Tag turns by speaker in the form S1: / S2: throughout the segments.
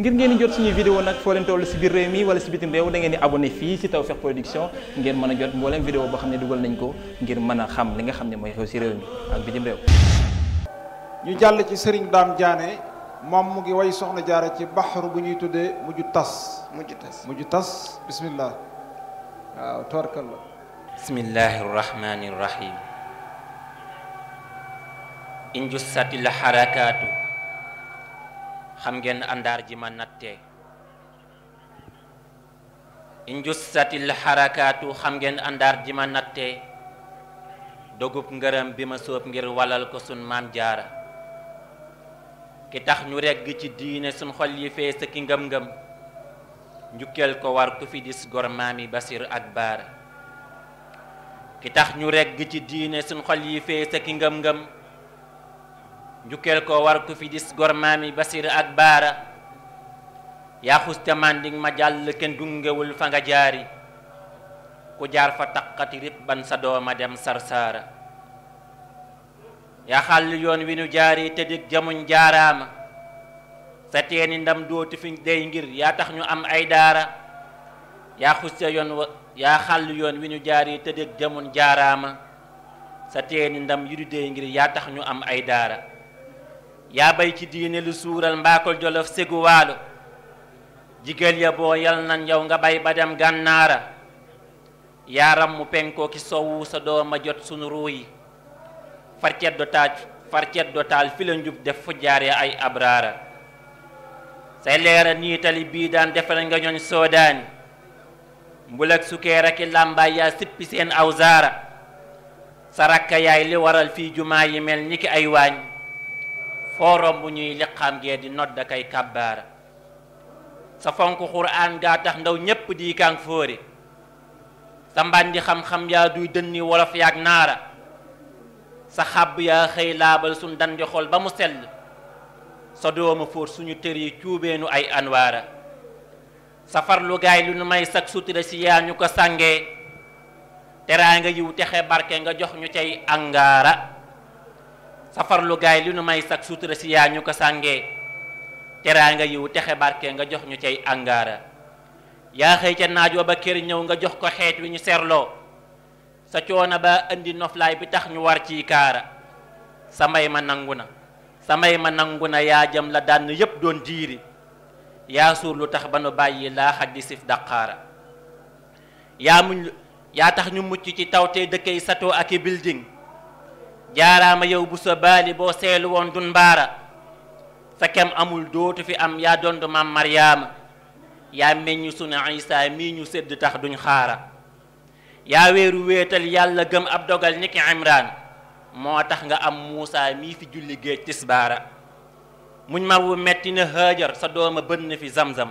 S1: ngir ngeen jot suñu vidéo nag foo leen toll si biir réew mi wala si bitim réew da ngeen di abonné fii si Tawfekh Production ngeen mën a jot mboolem vidéo boo xam ne dugal nañ ko ngir mën a xam li nga xam ne mooy xew si réew mi ak bitim réew. ñu jàll ci sëriñ Daam Diané moom mu ngi way soxna jaara ci baxru bu ñuy tuddee mujj tas. mujj tas mujj tas bismillah waaw toorkal la. bismillahi rahmani rahim. injussati la xarakaatu. xam ngeen àndaar ji ma nattee injussatil xarakaatu xam ngeen àndaar ji ma natte dogub ngërëm bi ma sóob ngir wallal ko sun maam jaara ki tax ñu regg ci diine sun xol yi fees ki ngëm-ngëm njukkeel ko war ku fi dis gor yi basir ak baara ki tax ñu regg ci diine sun xol yi fees ki ngëm-ngëm njukkeel ko war ku fi dis gor maami basir ak baara yaa xuste manding ma jàll kenn dungewul fa nga jaari ku jaar fa taqati rib ban sa a dem sarsaara yaa xàll yoon wi nu jaari te dig jamuñ jaaraama sa teeni ndam dootu fi dey ngir yaa tax ñu am ay daara yaa xuste yoon yaa xàll yoon wi ñu jaari te dig jamuñ sa teeni ndam yu di dey ngir yaa tax ñu am ay daara yaa bay ci diine lu suural mbaakol jolof segu waalo jigéen ya boo yal na njaw nga bay ba dem gànnaara yaaram mu penkoo ki sowwu sa dooma jot sunu ruuyi farcet do taaj farcet do taal fi njub def fu jaare ay abraara say leera niitali bii daan defal nga ñooñ soodaani mbulak sukkeer aki làmbaay yaa sippi seen aw zaara sa rakka yaay li waral fii jumaa yi mel ni ki ay waañ foo romb ñuy liqaam gee di nodd kay kàbbaara sa fonk xuraan gaa tax ndaw ñépp di kaang fóore sa mbàndi xam-xam yaa duy dënni wolof yaag naara sa xàbb yaa xëy laabal suñ dandi xol ba mu sell sa doomu fóor suñu tër yi cuubeenu ay anwaara sa farlu gaay lu nu may sak sutura si yaa ñu ko sàngee teraanga yiw texe barke nga jox ñu cay angaara safarlu gaay li nu may sak sutura si yaa ñu ko sàngee teraanga yiw texe barke nga jox ñu cay angaara yaa xëy ca naajoo ba kër ñëw nga jox ko xeet wi ñu seerloo sa coono ba indi noflaay bi tax ñu war ciy kaara sa may ma nangu na samay ma nangu na yaa jëm la dànn yépp doon diiri yaa suur lu tax ba nu bàyyi laaxat di sif daqaara yaa muñ yaa tax ñu mucc ci tawte dëkkay sato ak i building jaaraama yow bu sa baali boo seelu woon dun mbaara sa kem amul dootu fi am yaa dond maam maryaama yaa meññ sunu isa mii ñu sedd tax duñ xaara yaa wéeru wéetal yàlla gëm ab dogal niki imraan moo tax nga am muusa mii fi julli géej tisbaara muñ mar wu metti na haajar sa dooma bënn fi zamzam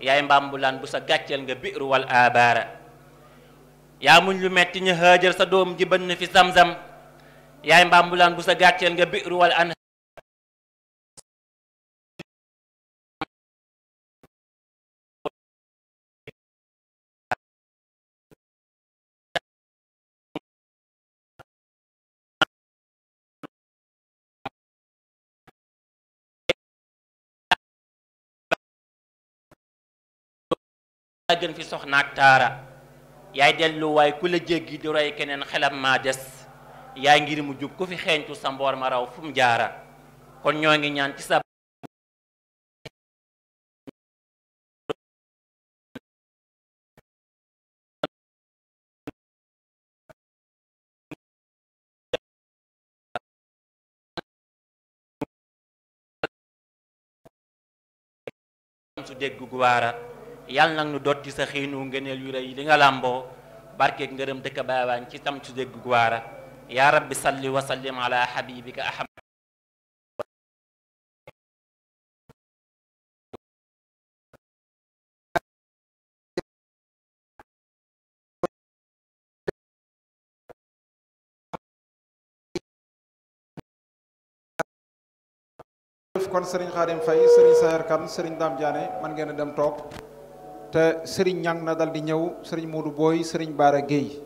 S1: yaay mbambulaan bu sa gàcceel nga biiru wal abaara yaa muñ lu metti na haajar sa doom ji bënn fi zamzam
S2: yaay mbaambulaan bu sa gàcceel nga biru wal an yaa gën fi soxnaak taara
S1: yaay delluwaay ku jéggi di roy keneen xelam maa des yaay ngir mu
S2: jub ku fi xeeñtu sa mboor ma raw fu jaara kon ñoo ngi ñaan ci sa su dégg gu waara yàlla nag nu dotti sa xiinu ngëneel yu rey
S1: li nga làmboo barkeeg ngërëm dëkk baawaan ci tam su dégg gu yaa rabbi salli wa
S2: sallim ala xabibika ahmad kon sëriñ Xaadim Fay sëriñ Sayar Kan sëriñ Daam Jaane man ngeen a dem toog te sëriñ ñang na dal di ñëw
S1: sëriñ Moodu Booy sëriñ Baara Géey